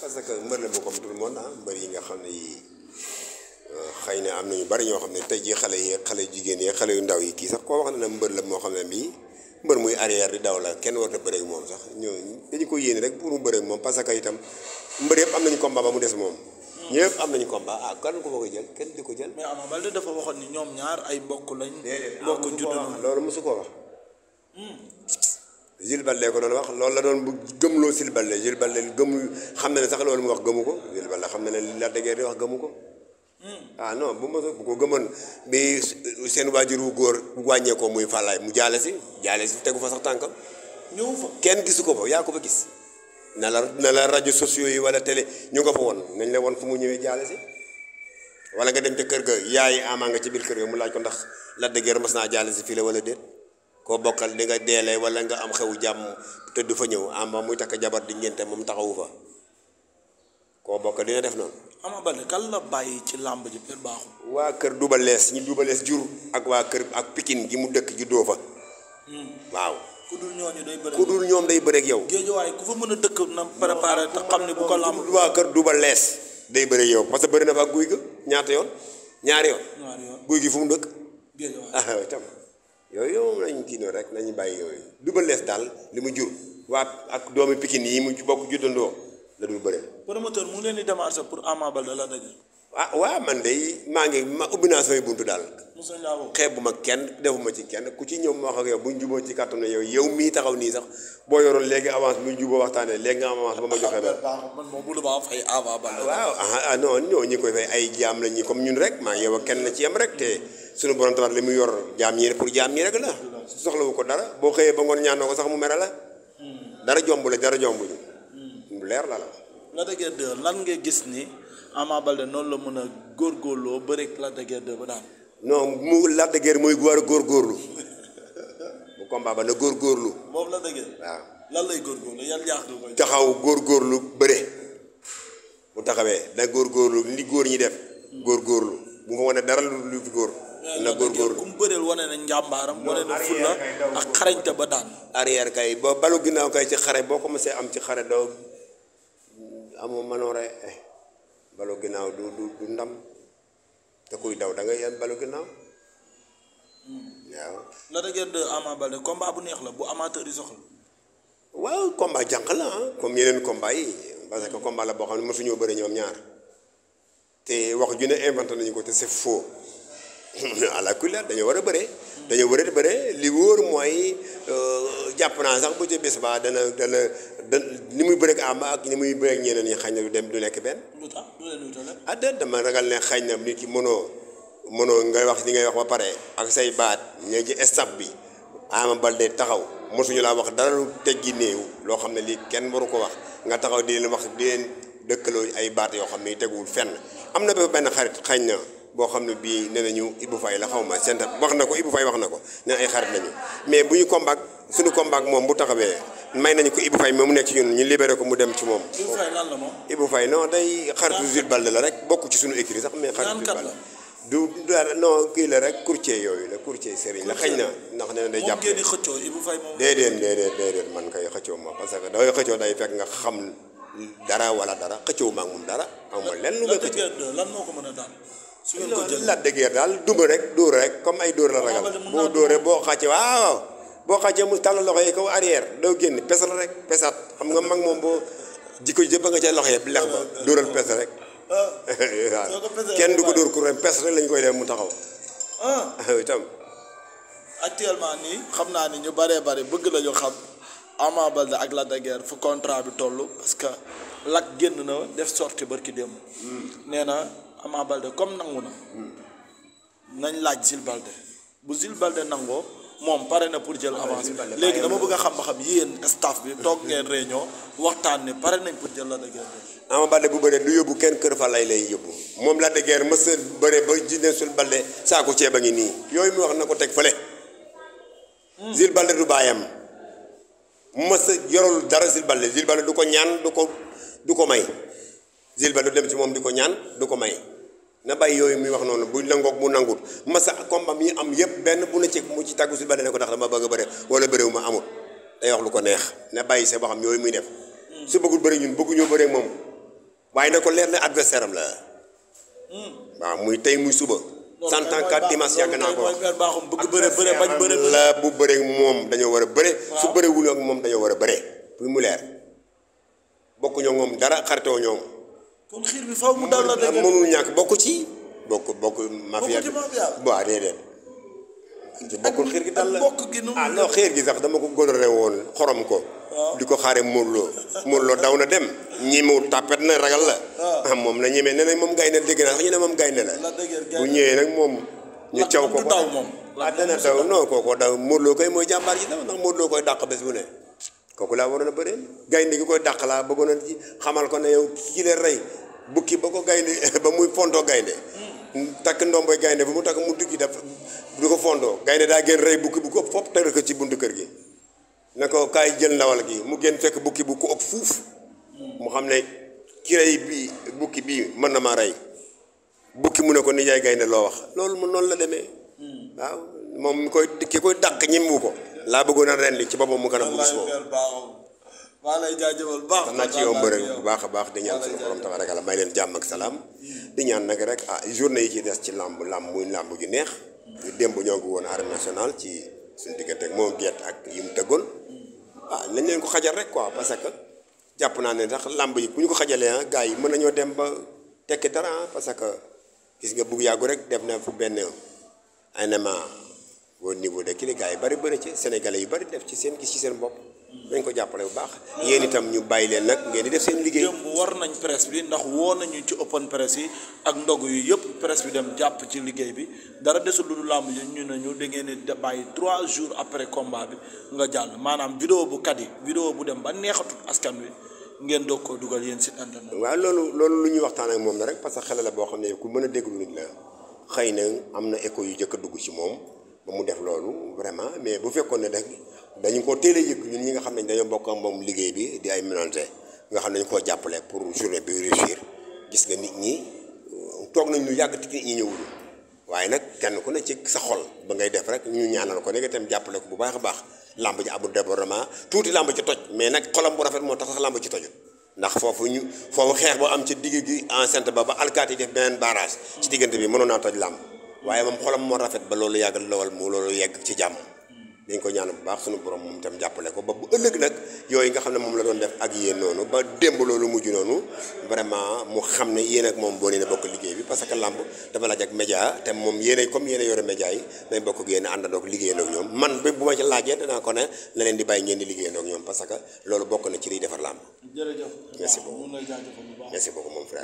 parce que mbër la bu comme tout le monde ah mbër yi nga xam ne yii euh, xëy na am na ñu bari ñoo xam ne tey jii xale yi xale jigéen yi xale yu ndaw yi kii sax koo wax ne na mbër la moo xam ne bii mbër muy arrière di daw la kenn warut a bëreeg moom sax ñooñu dañu ko yéen rek pour mu bëreeg moom parce que itam mbër yëpp am nañu combat ba mu des moom. ñëpp am nañu combat ah kan ko fa ko jël kenn di ko jël. mais Ama Baldé dafa waxoon ni ñoom ñaar ay mbokk lañ. mbokk judd loolu mosu ko wax. Hmm. Jules de ko doon wax loolu la doon bu gëmloo Jules Baldé Jules Baldé gëmu xam na ne sax loolu mu wax gëmu ko Jules Baldé xam na ne li la de Guiers di wax gëmu ko hmm. ah no bu ma bu ko gëmoon bi seen waajur wu góor wàññeekoo muy fàllaay mu jaale si jaale si tegu fa sax tànkam ñëw fa kenn gisu ko fa yaa ko fa gis na la na la rajo sociaux yi wala télé ñu nga fa woon nañ la woon fu mu ñëwee jaale si wala nga dem ca kër ga yaay amaa nga ci biir kër ga mu laaj ko ndax Lac de naa jaale si fii la wala déet koo bokkal di nga deele wala nga am xewu jàmm te du fa ñëw ama muy takk jabar di ngénte moom taxawu fa koo bokkal dina def noonu. Ama Baldé kan la bàyyi ci làmb ji baaxul. waa kër Double Less ñi Double Less jur ak waa kër ak Pikine gi mu dëkk juddoo fa. Hmm. waaw. ku dul ñooñu day bëreeg ku dul ñoom day bëreeg yow. géejewaay ku fa mën a dëkk na préparé te xam ne bu ko làmb. waa kër Double Less day bëreeg yow parce que bëri na fa ak guy ga ñaata yoon ñaari yoon. ñaari guy gi fu mu dëkk. yooyu moom lañ kii noonu rek nañu bàyyi yooyu Double Less daal li mu jur waa ak doomi Pikine yi mu bokk juddandoo la dul bëre promoteur mu ngi leen di démarché pour Ama Baldé la dëgg ah waaw man de maa ngi ma ubbi naa samay buntu daal. xeebu ma kenn defuma ci kenn ku ci ñëw ma wax ak yow bu ñu juboo ci kàttanu yow yow mii taxaw nii sax boo yoroon léegi avance bu ñu juboo waxtaanee léegi nga am avance ba ma joxe ba. man moom bu ma ah, waaw ah, ah non ñoo ñi koy fay ay jaam la ñi comme ñun rek maa yow kenn la ci yem rek te suñu borom tabax li mu yor jaam ñi pour jaam ñi rek la. soxlawu ko dara boo xëyee ba ngoon ñaanoo ko sax mu mere la. Hmm. dara jomb la dara ñu. Hmm. leer la gis ni Ama Baldé noonu la mën a góorgóorloo ba rek Lac de Guiers 2 ba daan. non mu Lac de Guiers mooy war a góorgóorlu bu combat ba na góorgóorlu. moom Lac de Guiers. waaw lan lay góorgóorlu yan yàq la koy. taxaw góorgóorlu bëre bu taxawee na góorgóorlu li góor ñi def. góorgóorlu bu nga wane dara lu lu fi góor. na góorgóorlu ku mu bëreel wane na njàmbaaram. wane na fulla ak xarañte ba daan. arrière kay ba balu ginnaaw kay ci xare boo commencé am ci xare doo amoo manoore balu ginnaaw du du du ndam te kuy daw da ngay yem balu ginnaaw. Hmm. waaw. Lac de Guiers 2 Ama Baldé bu neex la bu amateur yi soxla. waaw combat jànq la ah. comme yeneen combat yi parce que combat la boo xam ne mosuñoo bëri ñoom ñaar te wax ju ne inventé nañu ko te c'est faux ala kulli dañoo war a bëree. dañoo bëre bëre li wóor mooy euh, jàpp naa sax bu ca baa ba dana dana ni muy bëreeg Ama ak ni muy bëreeg ñeneen ñi xañ na du dem du nekk benn. lu tax du leen wutale. ah dama ragal ne xañ na nit ki mënoo mënoo ngay wax li ngay wax ba pare ak say baat ña ci stade bi Ama Baldé taxaw mosuñu laa wax dara lu teggi néew loo xam ne lii kenn waru ko wax nga taxaw di leen wax di leen dëkkaloo ay baat yoo xam ne teguwul fenn am na benn xarit xañ na. boo xam ne bii nee nañu Ibou Faye la xaw ma seen wax na ko Ibou Faye wax na ko ne ay xarit lañu mais bu ñu combat suñu combat moom bu taxawee may nañu ko Ibou Faye moom mu nekk ci ñu libéré ko mu dem ci moom. Ibou Faye lan day xaritu Jules Baldé la rek bokk ci suñu écrit sax mais. xaritu Jules du du non kii rek courtier yooyu la courtier sëriñ la xëy na ndax nee na day jàpp di xëccoo Ibou Faye moom. déedéet déedéet déedéet man kay xëccoo ma parce que dafay xëccoo day fekk nga xam dara wala dara xëccoo ma ak moom dara. amul lenn lu may xëccoo lan moo ko mën a daal su ngeen ko jël Lac de Guiers daal duma rek dóor rek comme ay dóor la ragal boo dóoree boo xàccee waaw boo xàccee mu tàll loxo yi kaw arrière doo génn pesal rek pesat xam nga mag moom boo jikko jëpp nga ca loxo yi lex ba dóoral pes rek ah. kenn du ko dóor ku rek pes rek lañ koy def mu taxaw ah. itam actuellement nii xam naa ni ñu bëree bëri bëgg la ñu xam Ama Baldé ak Lac de Guiers fu contrat bi toll parce que Lac génn na def sorti barki démb hmm. nee Ama Balde comme nangu na. nañ laaj Zil bu Zil Balde nangoo moom pare na pour jël avance léegi dama bëgg a xam ba xam yéen staff bi toog ngeen réunion waxtaan ne pare nañ pour jël Lac de Guiers. Ama Balde bu bëree du yóbbu kenn kër fa lay lay yóbbu moom Lac de Guiers mës a bëree ba jine sul Balde saako ceeb a ngi nii yooyu mu wax na ko teg fële. Zil hmm. Balde du bàyyam mës a yorul dara Zil Balde du ko ñaan du ko du ko may. Zilba du dem ci moom di ko ñaan du ko may na bàyyi yooyu muy wax noonu bu nangoog mu nangut masa combat mi am yëpp benn bu ne ci mu ci tàggu Zilba dana ko tax dama bëgg a bëre wala bëréewu ma amul day wax lu ko neex na bàyyi sa waxam yooyu muy def su bëggul bëri ñun bëgguñoo bëree moom waaye na ko leer na adversaire am la waaw muy tey muy suba cent ans quatre dimanche yàgg naa ko la bu bëree moom dañoo war a bëre su bëree wul moom dañoo war a bëre bu mu leer bokkuñoo moom dara xaritoo ñoom kon xiir bi mënul ñàkk bokk ci bokk bokk mafia bi waaw déedéet ci bokkul xiir gi dal la ah non gi sax dama ko gonoré woon xorom ko di ko xaare Modou Lo daw na dem ñemewul tàppet na ragal la ah moom na ñemee ne nag moom gaynde dégg naa sax ñu ne moom gaynde la bu ñëwee nag moom ñu caw ko ba ah dana daw non koy mooy jàmbaar ji daw ndax Modou Lo koy dàq bés bu ne kooku laa waroon a bëreel gaynde gi koy dàq laa bëggoon a xamal ko ne yow kii la rey bukki ba ko gaynde ba muy fontoo gaynde hmm. takk ndomboy gaynde fu mu takk mu digg daf du ko fondoo gaynde daa génn rey bukki bu ko fopp tër ko ci buntu kër gi ne ko kaay jël ndawal gi mu génn bukki bu ko fuuf hmm. mu xam ne ki rey bii bukki bii mën na ma rey bukki mu ne ko nijaay gaynde loo wax loolu mu noonu la demee hmm. waaw moom mi koy ki koy dàq ñemwu ko laa bëggoon a ren li ci boppam mu gën a bëgg si boobu. baax naa ci yow mbërëg bu baax a baax di ñaan suñu borom tabaraka la may leen jàmm ak salaam di ñaan nag rek ah journée yi ci des ci làmb làmb muy làmb ju neex ñu démb ñoo ngi woon arène national ci suñu teg ak moo gett ak yi mu tëggoon ah nañ leen ko xajal rek quoi parce que jàpp naa ne sax làmb yi bu ñu ko xajalee ah gars yi mën nañoo dem ba tekki dara ah, parce que gis nga bugg yàggu rek def na fu benn ay ah, au niveau de kii gars yi bari bëri ci sénégalais yu bari def ci seen gis ci seen bopp. dañ ko jàppale bu baax. yéen itam ñu bàyyi leen nag ngeen di def seen liggéey. démb nañ presse bi ndax woo nañu ci open presse ak ndog yu yëpp presse bi dem jàpp ci liggéey bi dara desul lu làmb yi ñu ne ñu da ngeen di bàyyi trois jours après combat bi nga jàll maanaam vidéo bu kat yi vidéo bu dem ba neexatul askan wi. ngeen doog koo dugal yéen site internet. waaw loolu loolu lu ñu waxtaan ak moom la rek parce que xel boo xam ne ku mën a déglu nit la xëy na am na écho yu jëkk dugg ci moom ba mu def loolu vraiment mais bu fekkoon ne rek dañu ko teel a yëg ñun ñi nga xam ne dañoo bokk ak liggéey bi di ay ménage nga xam ne dañu koo jàppale pour journée bi réussir gis nga nit ñi toog nañ lu yàgg te ñëwul waaye nag kenn ku ne ci sa xol ba ngay def rek ñu ñaanal ko ne nga jàppale ko bu baax a baax làmb ji abul débordement tuuti làmb ci toj mais nag xolam bu rafet moo tax sax làmb ci tojul ndax foofu ñu foofu xeex boo am ci digg gi enceinte ba ba alkaat yi def beneen barrage ci diggante bi mënoon naa làmb waaye moom xolam moo rafet ba loolu yàggal lawal mu loolu yegg ci jàmm dañ ko ñaan bu baax suñu borom moom itam jàppale ko ba bu ëllëg nag yooyu nga xam ne moom la doon def ak yéen noonu ba démb loolu mujj noonu vraiment mu xam ne yéen ak moom boo nee na bokk liggéey bi parce que làmb dafa laaj ak média te moom yéen comme yéen a yore média nañ bokk ak yéen a àndandoo ak liggéeyandoo ñoom man bi bu ma ci laajee danaa ko ne la leen di bàyyi ngeen di liggéeyandoo que loolu bokk na ci liy